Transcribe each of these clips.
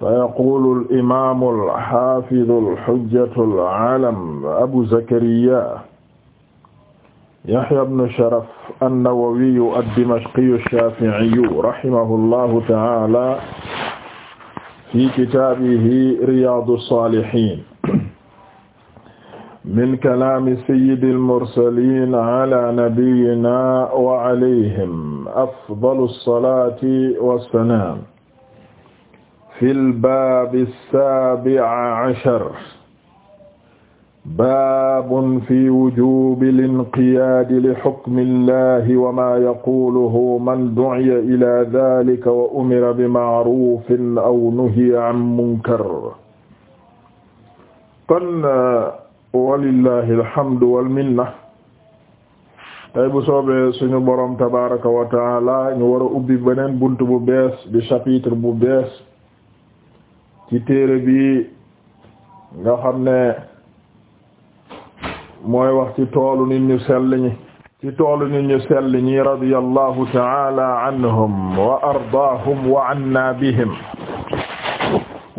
فيقول الإمام الحافظ الحجة العالم أبو زكريا يحيى بن شرف النووي الدمشقي الشافعي رحمه الله تعالى في كتابه رياض الصالحين من كلام سيد المرسلين على نبينا وعليهم أفضل الصلاة والسلام fil baabi saabi'a ashar baabun fi wujuubil inqiyaadi li hukmillaahi wa maa yaquluhu man du'iya ilaa zaalika wa umira bi ma'ruufin aw nuhiya an munkar. kon walillaahi alhamdu wal minna. tey bu soobee suñu boroom tabaaraka wa ta'aala ñu war a ubbi beneen bunt bu bees bi chapitre bu bees. ci téere bi nga xam ne mooy wax ci toolu nit ñu sell ñi ci toolu nit ñu sell ñi radiyallahu ta'ala anhum wa ardaahum wa anna bihim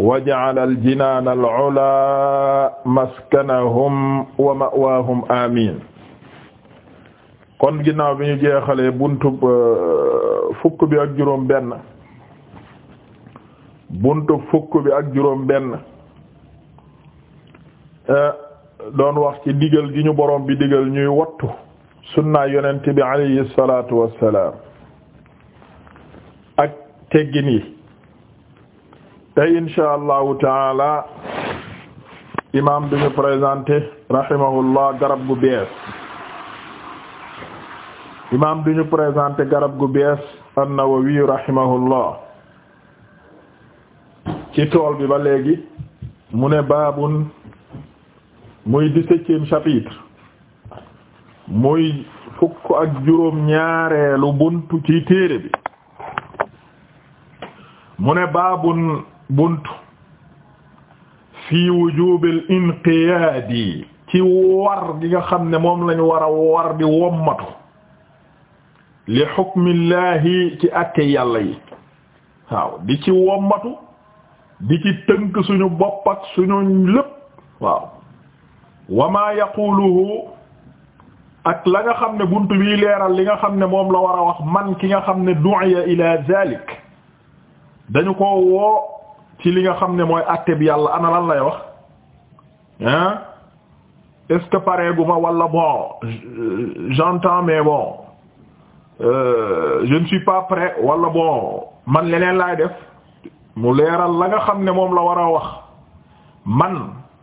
wa ja'ala al-jinaan al-'ulaa maskanahum wa ma'waahum amiin kon ginnaaw bi ñu jeexalee buntu euh, fukk bi ak juróom benn buntu fukk bi ak juróom benn eh, doon wax ci digal gi ñu boroom bi digal ñuy wattu sunna yonent bi alayhi salaatu wassalaam ak teggin yi tey insha allahu taala imam bi ñu présenté rahimahullah garab gu bees imam bi ñu présenté garab gu bees an-Nawawi rahimahullah ci tool bi ba léegi mu ne baabun muy dix-septième chapitre muy fukk ak juróom ñaareelu buntu ci téere bi mu ne baabun buntu fii wujubil inqiyaadi ci war gi nga xam ne moom lañu war a war di wommatu li xukmillahi ci àtte yàlla yi waaw di ci wommatu di ci tënk suñu bopp ak suñu lépp waaw wa maa ak la nga xam ne bunt bi leeral li nga xam ne moom la war a wax man ki nga xam ne du'iya ila zalik dañu ko woo ci li nga xam ne mooy àtte bi yàlla ana lan lay wax hein est-ce que pareegu ma walla bon j'entends mais bon euh, je ne suis pas prêt walla bon man leneen laay def mu leeral la nga xam ne moom la war wax man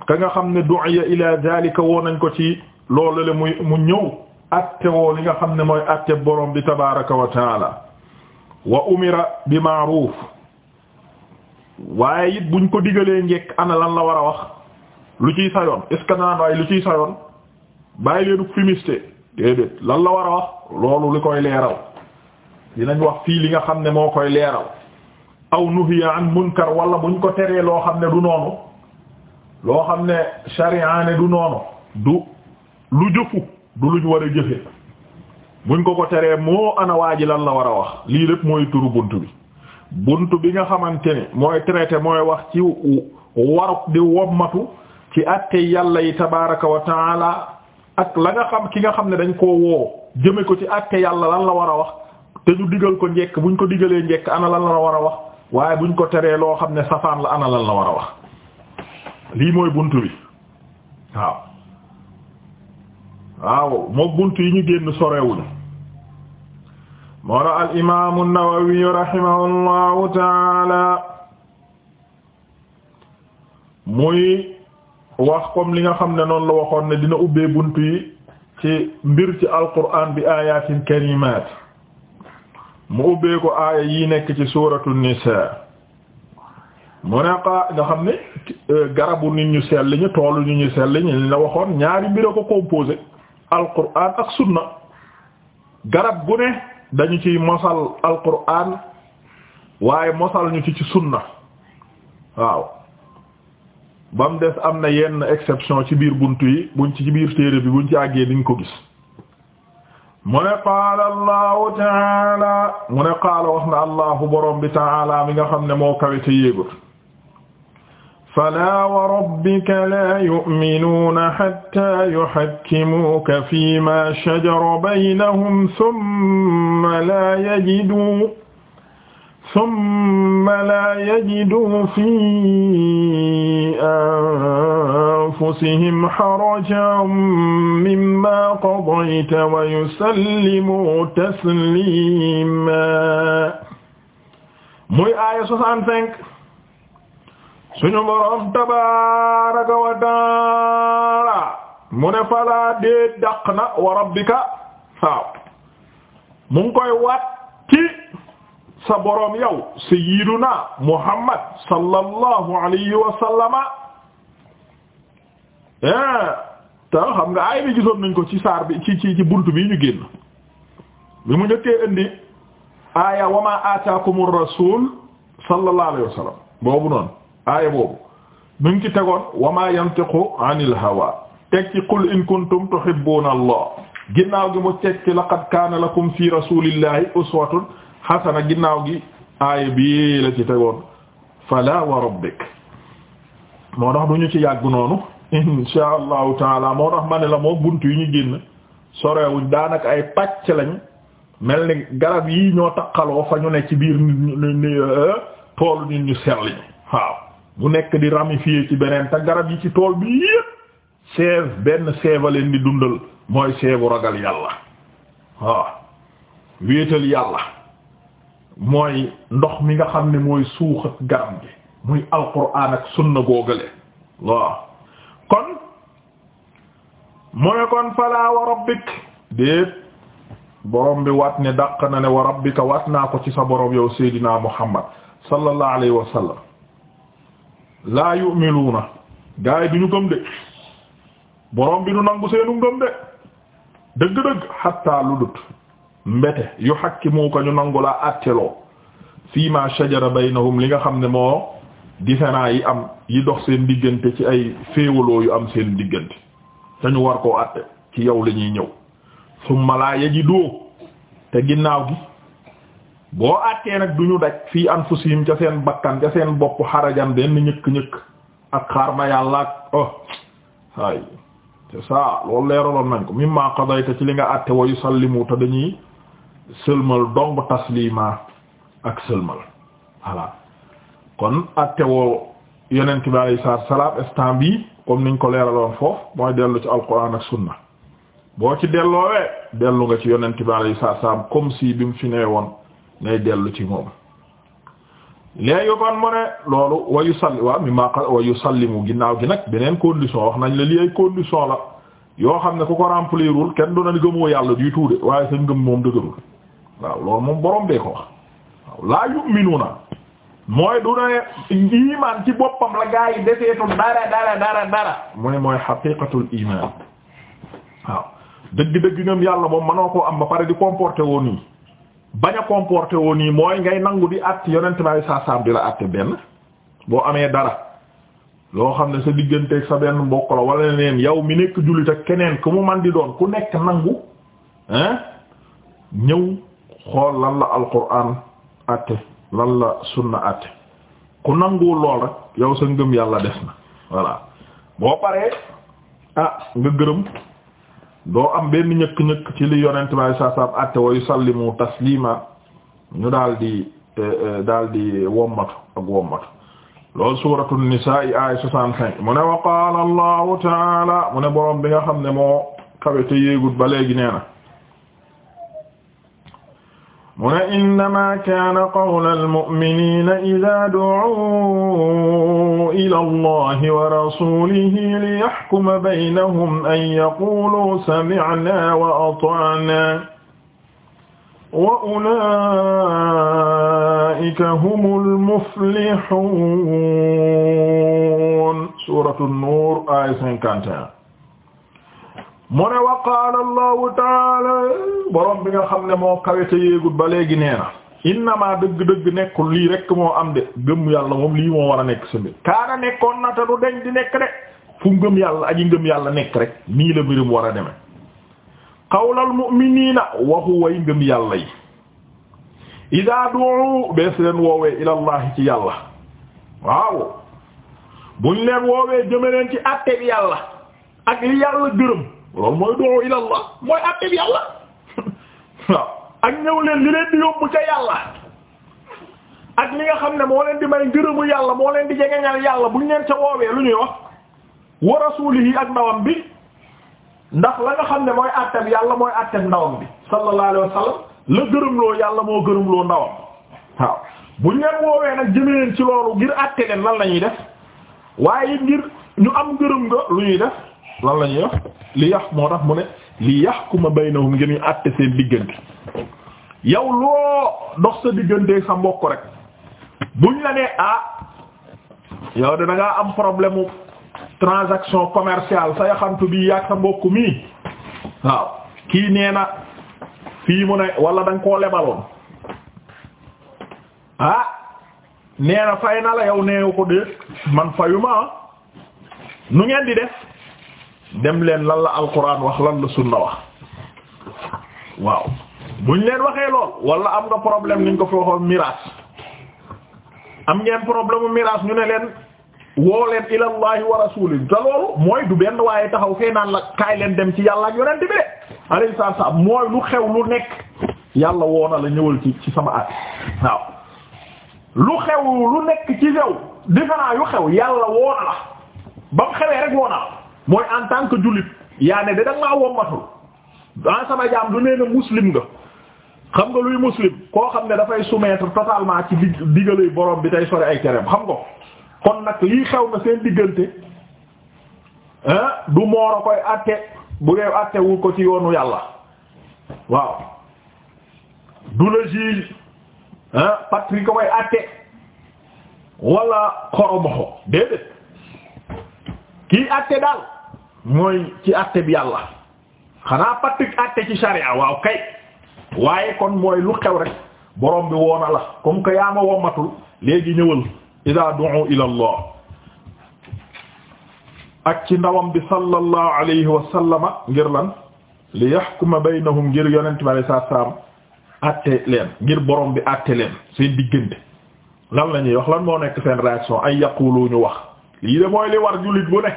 ka nga xam ne du'iya ila zalika woo nañ ko ci loolu le muy mu ñëw atte woo li nga xam ne mooy atte borom bi tabaraka wa taala wa umira bi ma'ruf waaye it buñ ko digalee njekk ana lan la war a wax lu ciy sayoon est ce que lu ciy sayoon bàyyi leenu fumiste déedéet lan la war a wax loolu li koy leeral dinañ wax fii li nga xam ne moo koy leeral aw nuhiya an munkar wala buñ ko teree loo xam ne du noonu loo xam ne sharia du noonu du lu jëfu du luñ war a jëfe buñ ko ko teree moo ana waa ji lan la war a wax lii lépp mooy turu bunt bi bunt bi nga xamante ni mooy traité mooy wax ci waruk di matu ci àtte yàlla yi tabaraka wa taala ak la nga xam ki nga xam ne dañ koo woo jëme ko ci àtte yàlla lan la war a wax te ñu digal ko njekk bu buñ ko digalee njekk ana lan la war a wax waaye buñ ko teree loo xam ne safaan la ana lan war a wax lii mooy buntu bi waaw waaw mook buntu yi ñu génn sorewuñu moo ra al imaamu nawawi rahimahullahu taala muy wax comme li nga xam ne noonu la waxoon ne dina ubbee bunt yi ci mbir ci alquran bi ayatin karimat mu ubbee ko aaya yi nekk ci suuratu nisaa mu ne xaa nga xam ne euh, garabu nit ñu sell ñi toolu nit ñu sell ñi ñu la waxoon ñaari mbir a ko composé alquran ak sunna garab gu ne dañu ci mosal alquran waaye mosal ñu ci ci sunna waaw ba mu des am na yenn exception ci biir bunt yi buñ ci biir téere bi buñ ci àggee diñ ko gis mu ne qaala allahu taala mu ne qaala wax na allahu borom bi taala mi nga xam ne moo kawe te yéegut falaa wa rabbika laa yu'minuuna hattaa yuhakkimuuka fiimaa shajara baynahum thumma laa yajiduu summa laa yajidu fii anfusihim harajan mimmaa qadayta wa yusallimuu tasliimaa muy aaya soixante-cinq suñu Boroom tabaaraka wa ta'aala mu ne falaa dee dàq na wa rabbika waaw mu ngi koy waat ci sa boroom yow sayyiduna Muhammad sallallahu alayhi wa sallama eh, te xam nga ay bi gisoon nañ ko ci saar bi ci ci ci bunt bi ñu génn bi mu njëkkee indi aaya wa ma ataakumur rasul sallallahu alayhi wa boobu noonu aaya boobu mu ngi ci tegoon wa ma yantiqu anil hawa teg ci qul in kuntum tuhibbuna allah ginnaaw gi mu teg ci laqad lakum fi rasulillahi uswatun xasana ginnaaw gi aaya bi la ci tegoon fala wa rabbik moo tax du ñu ci yàgg noonu insha allahu taala moo tax ma ne la moo bunt yu ñu génn sorewuñ daanaka ay pàcc lañ mel ni garab yi ñoo taqaloo fa ñu ne ci biir nit ñu euh, toolu nit ñu sell waaw bu nekk di fii ci beneen te garab yi ci tool bi yépp seev benn seeva leen di dundal mooy seevu ragal yàlla waaw wéetal yàlla mooy ndox mi nga xam ni mooy suux ak garab gi muy alquran ak sunna googale waaw kon mu ne kon fala wa rabbik déet borom bi waat ne dàq na ne wa rabbika waat naa ko ci sa borom yow seydina muhammad sallallahu alayhi wa sallam laa yu'minuuna gaa yi du ñu gëm de borom bi du nangu seenu ngëm de dëgg-dëgg xatta lu dut mbete yu hakkimuka ñu nangu laa atteloo fii ma shajara baynahum li nga xam ne moo différent yi am yi dox seen diggante ci ay féewaloo yu am seen diggante dañu war koo àtte ci yow lañuy ñuy ñëw summa laa yajidu te ginnaaw gi boo àttee nag ñu daj fii anfusihim ca seen bakkan ca seen bopp xarajan benn ñëkk-ñëkk ak xaar ma yàlla ak oh ay c'est loolu leeraloon nañ ko mimma qadayta ci li nga àtte wa yusallimu te dañuy sëlmal dong taslima ak sëlmal voilà kon attewoo yonent bi alayhi salaatu salaam instant bi comme niñ ko leeraloon foofu mooy dellu ci alquran ak sunna boo ci delloowee dellu nga ci yonent bi alayhi salaatu salaam comme si bi mu fi nee woon ngay dellu ci moom léegi kon mu ne loolu wa yusalli waaw mi maa wa yusallimu ginnaaw gi nag beneen condition wax nañ la li ay condition la yoo xam ne ku ko remplirul kenn du na gëmoo yàlla du tuude waaye sa ngëm moom waaw loolu moom boroom bee ko wax waaw laa yu'minuna mooy du ne iman ci boppam la gaa yi deseetul dara dara dara dara mu ne mooy xaqiqatul iman waaw dëgg-dëgg ngëm yàlla moom manoo koo am ba pare di comporté woo nii bañ a comporté woo nii mooy ngay nangu di àtt yonent baay saa di la àtte benn boo amee dara loo xam ne sa digganteeg sa benn mbokk la wala neen yow mi nekk jullit ak keneen ku mu man di doon ku nekk nangu hein ñëw xool lan la alquran atte lan la sunna atte ku nanguwul lool rek yow sa ngëm yàlla des na voilà boo paree ah nga gërëm doo am benn ñëkk-ñëkk ci li yonent bi saa saam atte wa yusallimu taslima ñu daal di eh, eh, daal di wommatu ak wommatu loolu suratu nisaa ay soixante-cinq mu ne wa qaala allahu taala mu ne boroom bi nga xam ne moo kawe te ba léegi nee na mu ne innama kaana qawla almu'miniina idaa du'uu ila allahi wa rasuulihi liyaxkuma baynahum an yaquuluu sami'naa wa ata'naa wa ulaa'ika humul muflihuun suuratu nuur aaya 51 mu ne wa qaala allahu taala bi nga xam ne moo kawe te ba léegi nee na innama dëgg-dëgg nekkul lii rekk moo am de gëm yàlla moom lii moo war a nekk sami kaana nekkoon na te du deñ di nekk de fu ngëm yàlla aji ngëm yàlla nekk rek nii la mbirum war a deme qawlal mu'miniina waxu way ngëm yàlla yi idaa du'u bees leen woowee ilallahi ci yàlla waaw buñ leen woowee jëme leen ci àtte yàlla ak li yàlla gërëm loolu mooy doo ila mooy àtte yàlla waaw ak ñëw leen li leen di yóbbu ca yàlla ak li nga xam ne moo leen di may ngërëmu yàlla moo leen di jegeñal yàlla bu leen ca woowee lu ñuy wax wa rasuulihi ak ndawam bi ndax la nga xam ne mooy àtte yàlla mooy àtte bi ndawam bi sallallahu alayhi wa sallam la gërëmloo yàlla moo gërëmloo ndawam waaw buñ leen woowee nag jëme leen ci loolu ngir àtte leen lan la ñuy def waaye ngir ñu am ngërëm nga lu ñuy def lan la ñuy li yax moo tax mu ne li yahkuma baynahum ngir ñu àtte seen diggante yow loo dox sa digganteeg sa mbokk rek buñ la nee ah yow de da am problème mu transaction commercial sa yaxantu bi yaag sa mbokk mi waaw kii nee na fii mu ne wala da nga koo lebaloon ah nee na fay na la yow neewu ko de man fayu ma nu ngeen di def. dem leen lan la alquran wax lan la sunna wax waaw buñ leen waxee lool wala am nga problème niñ ko fi waxoon miraas am ngeen problème miraas ñu ne leen woo leen ilallahi wa rasulihi te loolu mooy du benn waaye taxaw fee naan la kaay leen dem ci yàlla ak yonent bi de alayhi salaam mooy lu xew lu nekk yàlla woona la ñëwal ci ci sama at waaw lu xew lu nekk ci xew différent yu xew yàlla woona la ba mu xewee rek woona mooy en tant que jullit yaa ne da danga maa wommatul dans ah sama jaam du nee na muslim nga xam nga luy muslim koo xam ne dafay soumettre totalement ci diggaluy borom bi tey sore ay tereem xam nga kon nag lii xew na seen diggante du moor koy àtte bu dee àttewul ko ci yoonu yàlla waaw du la juge patrie ko koy àtte wala xoromoxo déedéet kii àtte daal mooy ci àtte bi yàlla xanaa patik àtte ci sharia waaw kay waaye kon mooy lu xew rek borom bi woona la comme que yaa ma wommatul léegi ñëwal ida du'u ila allah ak ci ndawam bi sallallahu alayhi wa sallama ngir lan li yahkuma baynahum ngir yonent bi alayhi salaam àtte leen ngir borom bi àtte leen seen diggante lan la wax lan moo nekk seen réaction ay yaqulu ñu wax lii de mooy li war jullit bu ne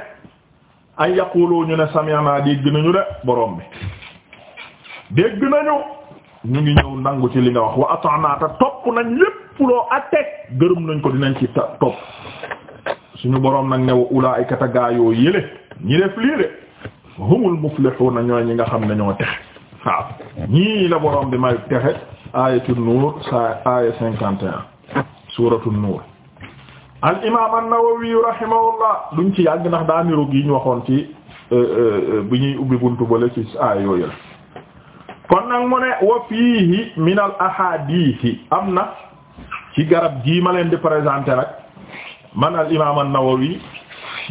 ay yaqulu ñu ne sami'na dégg nañu de boroom bi dégg nañu ñu ngi ñëw nangu ci li nga wax wa ata'na ta topp nañ lépp loo àtteeg gërëm nañ ko dinañ ci topp suñu borom nag ne wa ulaa'ika ta gaayoo yële ñi def lii de humul muflihuna ñooy ñi nga xam ne ñoo texe waaw ñii la borom bi may texe ayatu nuur sa aya cinquante et suuratu nuur al imaam an-Nawawi rahimahullah duñ ci yàgg ndax daa niroog yi ñu waxoon ci euh, euh, bi ñuy ubbi buntu bale ci aay yooyu la kon nag mu ne wa fiihi min al ahadithi am na ci garab gii ma leen di présenter nag man al imaam an-Nawawi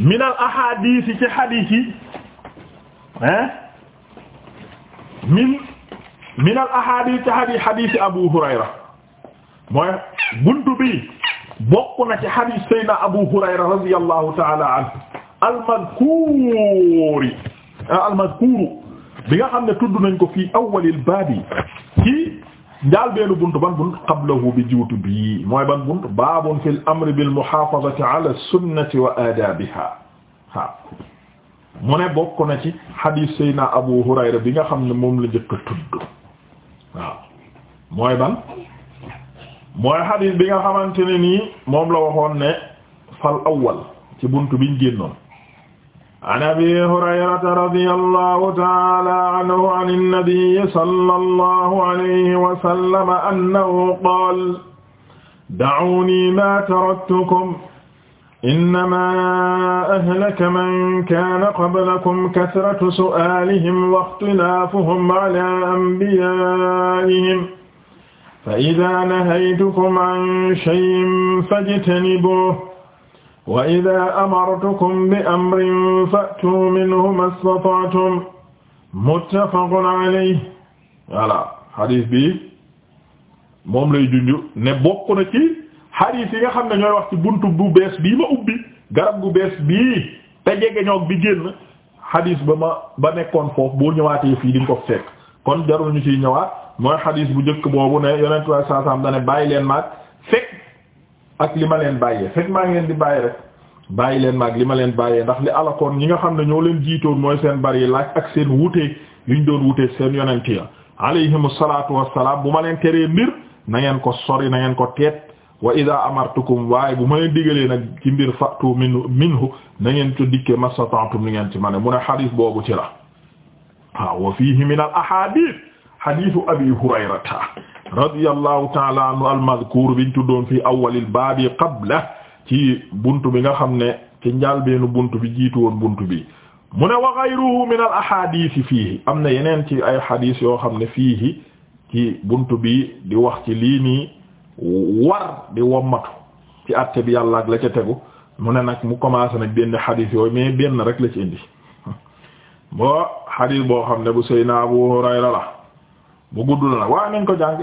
min al ahadithi ci hadith yi hein ci hadith hadith Abu Hurayra mooy buntu bi bokk na ci hadith Seydina Abu Hurayra radiyallahu ta'ala anhu al-madkuuri ah, al-madkuuru bi nga xam ne tudd nañ ko fii awwalil baabi ci njaalbeelu buntu ban buntu qablahu bi jiwtu bii mooy ban buntu baabun fil amri bil muhaafazati ala sunnati wa aadaabiha waaw mu ne bokk na ci hadith Seydina Abu Hurayra bi nga xam ne moom la njëkk a tudd waaw mooy ban. mooy xadis bi nga xamante ne nii moom la waxoon ne fal awwal ci buntu biñ génnoon an abi hurayrata radiyallahu ta'ala anhu an an-nabiyyi sallallahu alayhi wa sallam annahu qaala da'uunii maa taraktukum innamaa ahlaka man kaana qablakum kasratu su'aalihim wa ixtilaafuhum alaa anbiyaa'ihim fa ida nahaytukum an shay'in fajtanibuhu wa ida amartukum bi amrin fa'tu minhu mastata'tum muttafaqun alayhi voilà hadith bi moom lay junj ne bokk na ci hadith yi nga xam ne ñooy wax ci buntu bu bees bi ma ubbi garab gu bees bi te jege ñoog bi génn hadith ba ma ba nekkoon foofu boo ñëwaatee fii di ko fekk kon jarul ñu ci ñëwaat. mooy xadiis bu jëkk boobu ne yonent waaye saa dane bàyyi leen maag fekk ak li ma leen bàyyee fekk maa ngeen di bàyyi rek bàyyi leen maag li ma leen bàyyee ndax li alakoon ñi nga xam ne ñoo leen jiitoon mooy seen bari laaj ak seen wuteeg liñ doon wuteeg seen yonent ya alayhimu salaatu wassalaam bu ma leen teree mbir na ngeen ko sori na ngeen ko teet wa ida amartukum waaye bu ma leen digalee nag ci mbir fatu min minhu na ngeen to dikke mastata'tum li ngeen ci ma ne mu ne xadiis boobu ci la hadithu abi hurayrata radiyallahu taala anhu almadhkur biñ tuddoon fii awalil baabi qabla ci buntu bi nga xam ne ci njàlbeenu buntu bi jiitu woon buntu bi mu ne wa ghayruhu min al fiihi am na yeneen ci ay hadith yoo xam ne fiihi ci buntu bi di wax ci lii nii war di wommatu ci àtte bi yàlla ak la ca tegu mu ne nag mu commencé nag benn xadis yooyu mais benn rek la ci indi boo xadis boo xam ne bu Seydina Abu Hurayra la bu guddul la waaye nañ ko jàng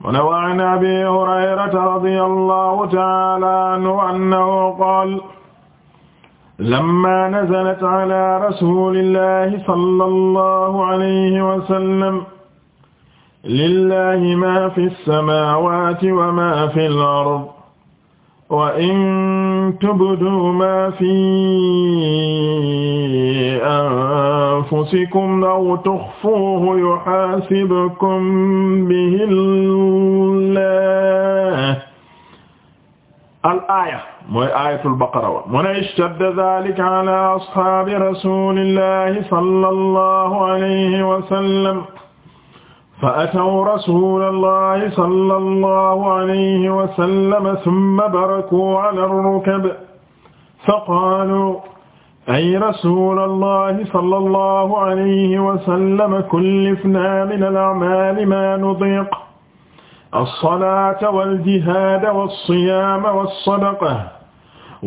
mu ne wa an abi hurayrata radiyallahu ta'ala anhu annahu qaala lamma nazalat ala rasulillahi sallallahu alayhi wa sallam lillahi ma fi samawati wa ma fil ard wa in tubdu ma fi anfusikum aw tukhfuhu yuhasibkum bihi Allah al aaya mooy aayatul baqara wa mu ne ishtadda dhaalika ala ashaabi rasuulillahi sallallahu alayhi wa sallam fa ataw rasula allahi sala allahu alayhi wasallama summa barakuu ala alrukab fa qaaluu ay rasula allahi sala allahu alayhi wasallama kullifnaa min alacmali maa nudiiq alsolata waljihaada walsiyaama walsadaqa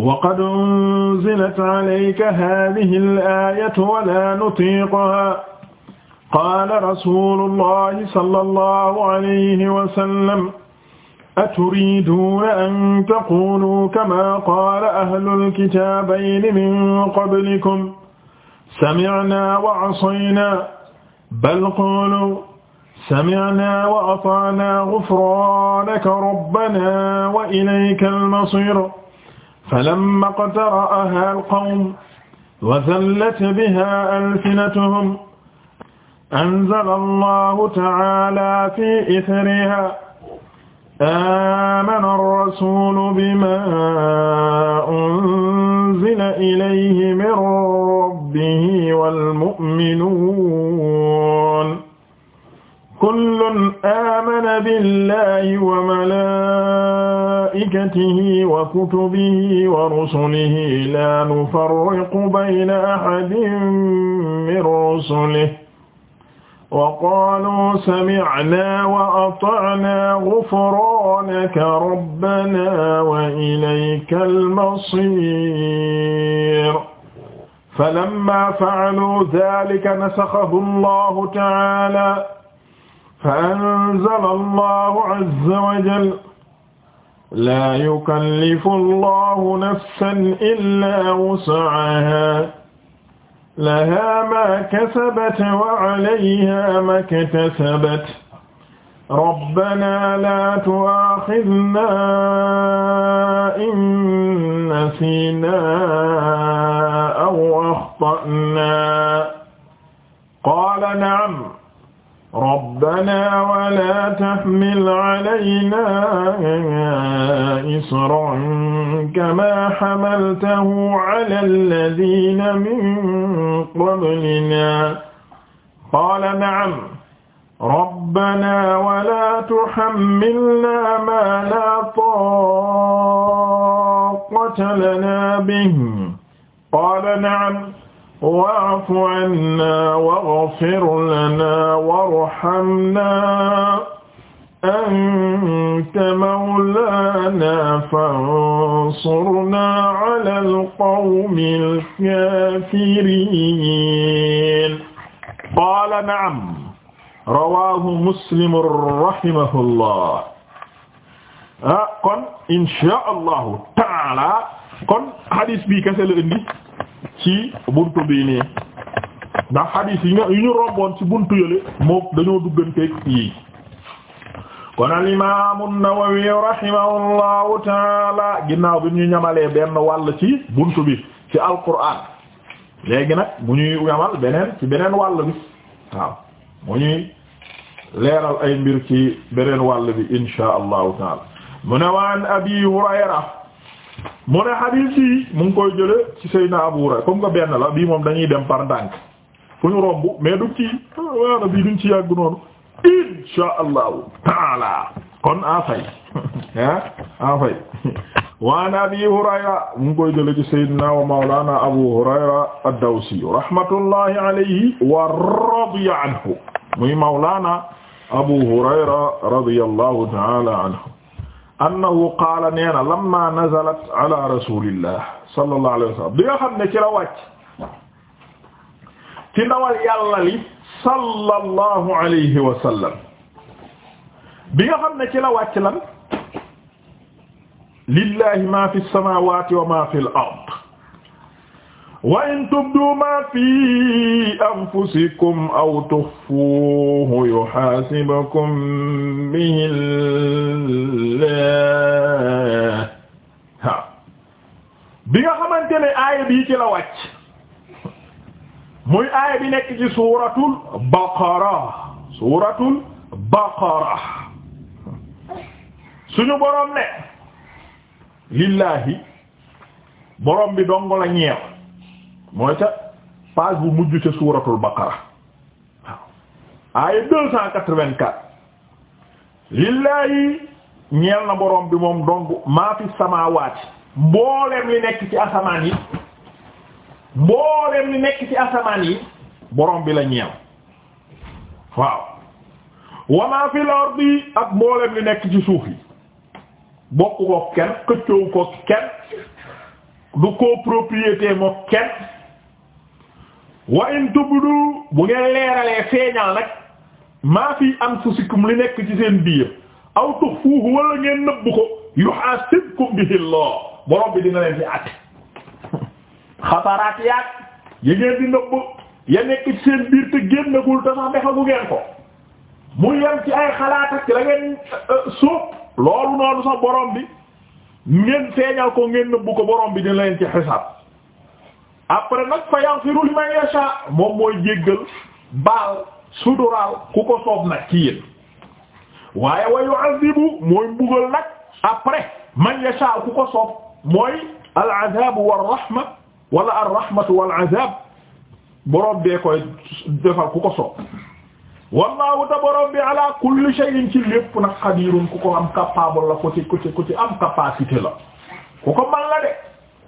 waqad unzilat calayka haadihi alayatu walaa nutiiquhaa qaala rasuulullahi sallallahu alayhi wa sallam aturiiduuna an taquuluu kamaa qaala ahlul kitaabayni min qablikum sami'naa wa asaynaa bal quuluu sami'naa wa ata'naa ghufraanaka rabbanaa wa ilaykal masiir falammaa iqtara'ahaa alqawmu wa zallat bihaa alsinatuhum anzala allahu ta'ala fi ithriha amana ar-rasulu bima unzila ilayhi min rabbihi wal mu'minuun kullun amana billahi wa malaa'ikatihi wa kutubihi wa rusulihi la nufarriqu bayna ahadin min rusulihi waqaaluu sami'naa wa ata'naa ghufraanaka rabbanaa wa ilaykal masiir falammaa fa'aluu zaalika nasaxahu Allaahu ta'aalaa fa'anzala Allaahu 'azza wa jalla laa yukallifu Allaahu nafsan illaa wus'ahaa lahaa maa kasabat wa alayhaa maktasabat rabbanaa laa tu'aaxidnaa in nasiinaa aw axta'naa qaala na'am rabbana wala taxmil alayna isran kama xamaltahu ala alladina min qablina qaala naam rabbana wala tuxammilna ma la taaqata lana bihi qaala naam wa'fu anna waghfir lana warhamna anta mawlana fansurna ala alqawmi alkaafiriin. qaala na'am rawaahu muslim rahimahullah. ah kon incha allahu taala kon hadis bi kese la indi. ci buntu bii nii ndax xadiis yi nga yu ñu romboon ci bunt yële moom dañoo dugganteeg yii kon al imaamu Nawawi rahimahullahu taala ginnaaw bi ñu ñamalee benn wàll ci buntu bi ci alquran léegi nag bu ñuy ñamal beneen ci beneen wàll bi waaw mu ñuy leeral ay mbir ci beneen wàll bi insha allahu taala mu ne waan abi Hurayra mu ne xadiis bi mu ngi koy jële ci Seydina Abu Hurayra comme que benn la bii moom dañuy dem par ndànk fu ñu romb mais du ci waara bii duñ ci yàgg noonu insha allahu taala kon a fay ah a fay waan Abi Hurayra mu ngi koy jële ci Seydina wa Mawlana Abu Hurayra ad-Dawsi rahmatullahi alayhi wa radiya anhu muy Mawlana Abu Hurayra radiyallahu taala anhu annahu qaala nee na lamma nazalat ala rasulillah sallallahu alayhi wa sallam bi nga xam ne ci la wàcc ci ndawal yàlla li sallallahu alayhi wa sallam bi nga xam ne ci la wàcc lan lillahi ma fi samawati wa ma fi al ard wa in tubdu ma fi anfusikum aw tuxfuuhu yuhaasibkum bihi Allaah waaw bi nga xamante ne aaya bii ci la wàcc muy aaya bi nekk ci suuratul baqara suuratul boroom lillaahi boroom bi dong la mooy ca page bu mujj ca suuratul baqara waaw aaya deux cent quatre-vingt-quatre ñeel na borom bi moom dong maa fi samaawaati mbooleem li nekk ci asamaan yi mbooleem li nekk ci asamaan yi borom bi la ñeel waaw wa maa fil ardi ak mbooleem li nekk ci suuf yi bokk ko kenn xëccoo ko kenn du copropriété moo kenn wa in tubdu bu ngeen leeralee feeñal nag maa fi am anfusikum li nekk ci seen biir aw tuxfuuhu wala ngeen nëbb ko yuhaasibkum bihi Allah borom bi dina leen ci àtte xataraat yaag ya ngeen di nëbb ya nekk ci seen biir te génnagul te sax defagu ngeen ko mu yem ci ay xalaat ak la ngeen euh, euh, suuf loolu noonu sax borom bi ngeen feeñal ko ngeen nëbb ko borom bi dina leen ci xisaab après nag fa yaghfiru liman yasha moom mooy jéggal baal suturaal ku nag ci yéen waaye wa yu'adhibu mooy mbugal nag après man yasha ku ko soob mooy al adhab wal rahma wal adhab borom koy defal ku ko ta borom bi ala kulli ci lépp nag xadirun ku am capable la ku ci am capacité la ku ko man la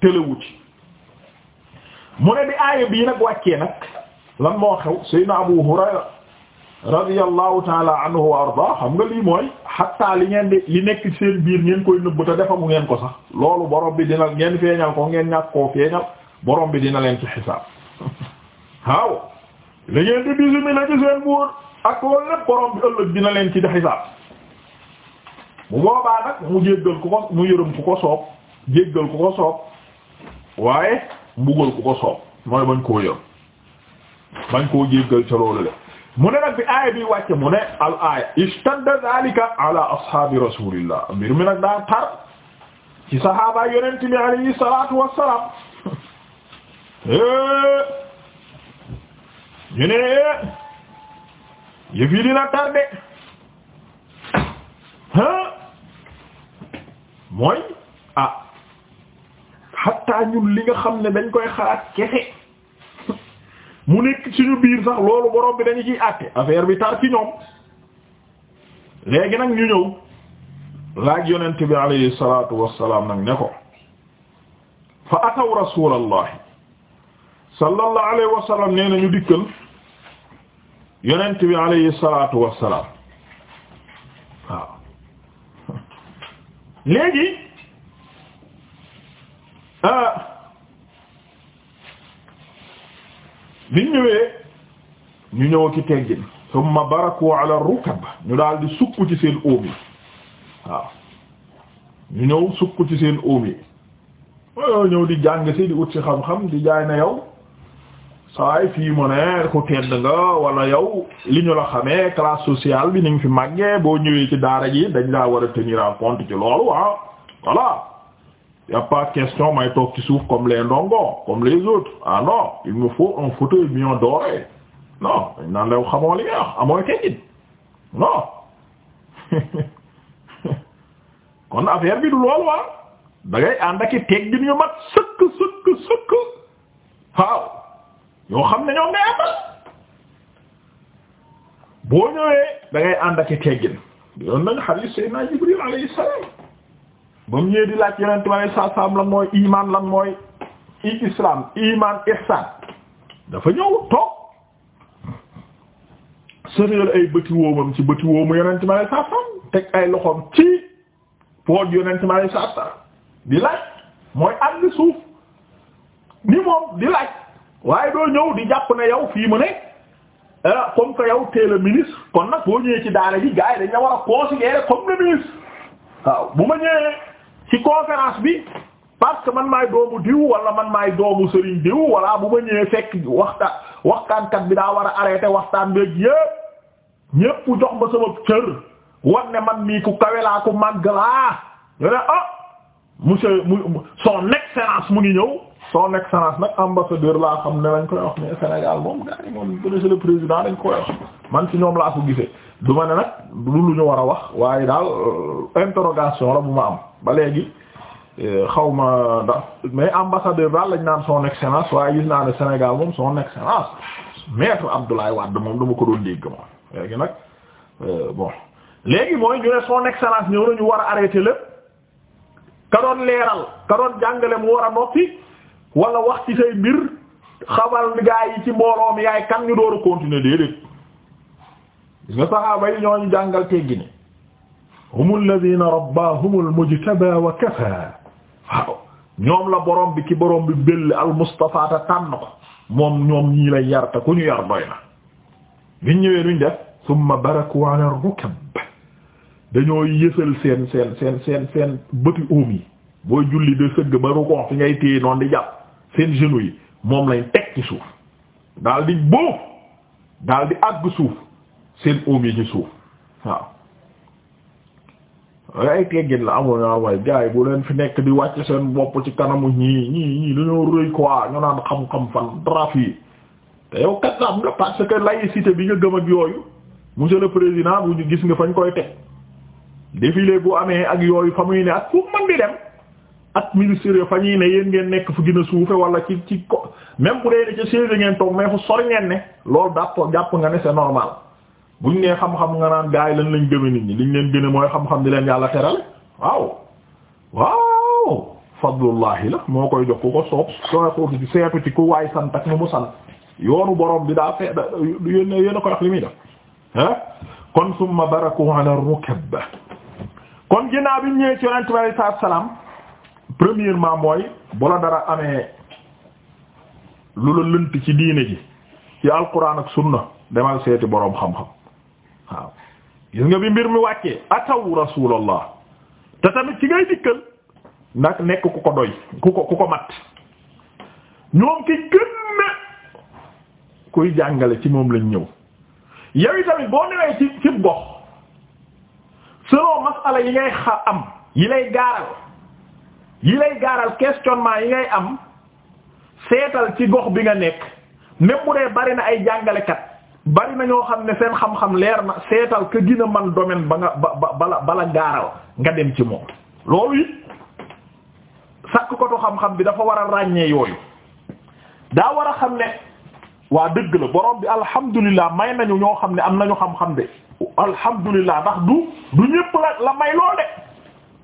de mu ne bi aaya bii nag wàccee nag lan moo xew saydna Abu Hurayra radiyallahu taala anhu wa arda xam nga lii mooy xatta li ngeen di nekk seen biir ngeen koy nëbb te defamu ngeen ko sax loolu borom bi dina ngeen feeñal ko ngeen ñàkk koo feeñal bi dina leen ci xisaab waaw li ngeen di dissimulé ci seen buur ak loolu lépp borom bi ëllëg dina leen ci di xisaab bu boobaa nag mu jéggal ku ko mu yërëm ku ko soob jéggal ku ko soob waaye mbugal ku ko soob mooy bañ koo yor bañ koo jéggal ca loolu le mu ne nag bi aaya bi wàcce mu ne al aaya istadda zalika ala ashaabi rasulillah mbir mi nag daa tar ci sahaaba yonent bi alayhi salatu wassalam eh, ñu ne eh, yëf yi dina tar de mooy ah xatta ñun li nga xam ne dañ koy xalaat kese mu nekk suñu biir sax loolu borom bi dañu ciy àtte affaire bi tar ci ñoom léegi nag ñu ñëw laaj yonent bi alayhi salaatu wassalaam nag ne ko fa ataw rasulallahi sallallahu wa sallam nee na ñu dikkal yonent bi alayhi salaatu wassalaam waaw léegi ah biñ ñëwee ñu ñëw ci teggin summa baraku ala rukab ñu daal sukk ci seen óom yi waaw ñu ñëw sukk ci seen óom yi yow ñëw di jàng si di ut si xam-xam di jaay na yow saay fii mu ku tedd nga wala yow li ñu la xamee classe sociale bi ni nga fi màggee boo ñëwee ci daara ji dañ laa war a tenir en ci loolu waaw ah. voilà y pas question may toog ci suuf comme les ndongo comme les autres ah non il me faut un fauteuil million doré non dañ naan law xamoo li nga wax amoo kejit non kon affaire bi du loolu waa ah. da ak i teg gin yu mat sëkk sëkk sëkk waaw yoo xam ne ñoo boo ñëwee da ngay ak i teggin yoon nañ xadiis Seydina Jibril alayhi salaam ba mu ñëwee di laaj yonent bi alayhi salaatu salaam lan mooy iman lan mooy i islam iman dafa ñëw toog sëréel ay bëti woomam ci bëti woomu yonent bi alayhi salaam teg ay loxoom ci pooj yonent bi salaam di laaj mooy ànd suuf ni moom di laaj waaye doo ñëw di jàpp na yow fii mu ne ah, comme que yow teel a kon nag boo ñëwee ci daara ji gars yi dañ la war a considérer comme le ministre waaw bu ma ñëwee ci conférence bi parce que man maay doomu diw wala man maay doomu sëriñ diw wala bu ma ñëwee fekk waxtaan waxtaankat bi daa war a arrêté waxtaan beeg yépp ñépp jox ma sama cër wan ne man mii ku kawe laa ku màgg laa ñu ne ah monsieur son excellence mu ngi ñëw son excellence nag ambassadeur laa xam ne lañ koy wax mais Sénégal moom gars moom monsieur le président dañ koy wax man ci ñoom laa ko gisee. du ma ne nag du lu ñu war a wax waaye daal euh, interrogation la bu ma am ba léegi euh, xaw ma ndax mais ambassadeur daal lañ naan son excellence waaye gis naa ne Sénégal moom soo son excellence maître Abdoulaye Wade moom dama ko doon dégg moom léegi nag euh, bon léegi mooy ñu ne son excellence ñëw nañu war a arrêté lépp ka doon leeral ka doon jàngale mu war a noppi wala wax ci say mbir xamal gaa yi ci mbooloo mi yaay kan ñu door a continuer déedéet. gis nga saxaaba yi ñooñu jàngal teggi ni hum alladina rabbahum almujtaba wa kafa ñoom la borom bi ki borom bi bëll almustafa ta tànn ko moom ñoom ñii lay yar te ku ñu yar doy na biñ ñëwee duñ def thumma baraku ala rukab dañoo yësal seen seen seen seen seen bëti óom yi booy julli de sëgg ba rukon fi ngay téye noonu di jàpp seen genou yi moom lañ teg ci suuf daal di bóof daal di àgg suuf seen oom yi ci suuf waaw ay teggin la amul naa waay gars yi bu leen fi nekk di wàcc seen bopp ci kanamu ñii ñii ñii dañoo rëy quoi ñu naan xam-xam fan draf yi te yow kat am nga parce que laïcité bi nga gëm ak yooyu monsieur le président bu ñu gis nga fañ koy teg défilé bu amee ak yooyu fa muy ne ak fu man di dem ak fa ñuy ne yéen ngeen nekk fu gën a suufe wala ci ci ko même bu dee ne ca siège ngeen toog fu sori ngeen ne loolu dàpp jàpp nga ne c'est normal buñ nee xam-xam nga naan gars yi lan lañ gëme nit ñi liñ leen gëne mooy xam-xam di leen yàlla terale waaw waaw fadlullahi la moo koy jox ku ko soob sooxuuti ci seetu ci ku waay sant ak nu mu sant yoonu borom bi daa fee da yéen ko wax li muy def ah kon summa baraku ala rukab kon ginnaaw bi ñëwee bi alayhi salaatu salaam premièrement mooy bu la dara ci diine ji ci alquran ak sunna demal seeti boroom xam-xam waaw gis nga bi mbir mi wàccee ataw rasulallah te tamit ci ngay dikkal nag nekk ku ko doy ku ko ku ko mat ñoom ki gën kuy jàngale ci moom lañ ñëw yow yi tamit boo newee ci ci gox selon masala yi ngay xa am yi lay gaaral yi lay gaaral questionnement yi ngay am seetal ci gox bi nga nekk même mu dee bari na ay jàngalekat bari na ñoo xam ne seen xam-xam leer na seetal ka gën man domaine ba nga ba bala bala gaaral nga dem ci moom loolu it sakk kotu xam-xam bi dafa war a ràññee yooyu daa war a xam ne waa dëgg la borom bi alhamdulilah may nañu ñoo xam ne am nañu xam-xam de alhamdulilah ndax du du ñépp la la may loo de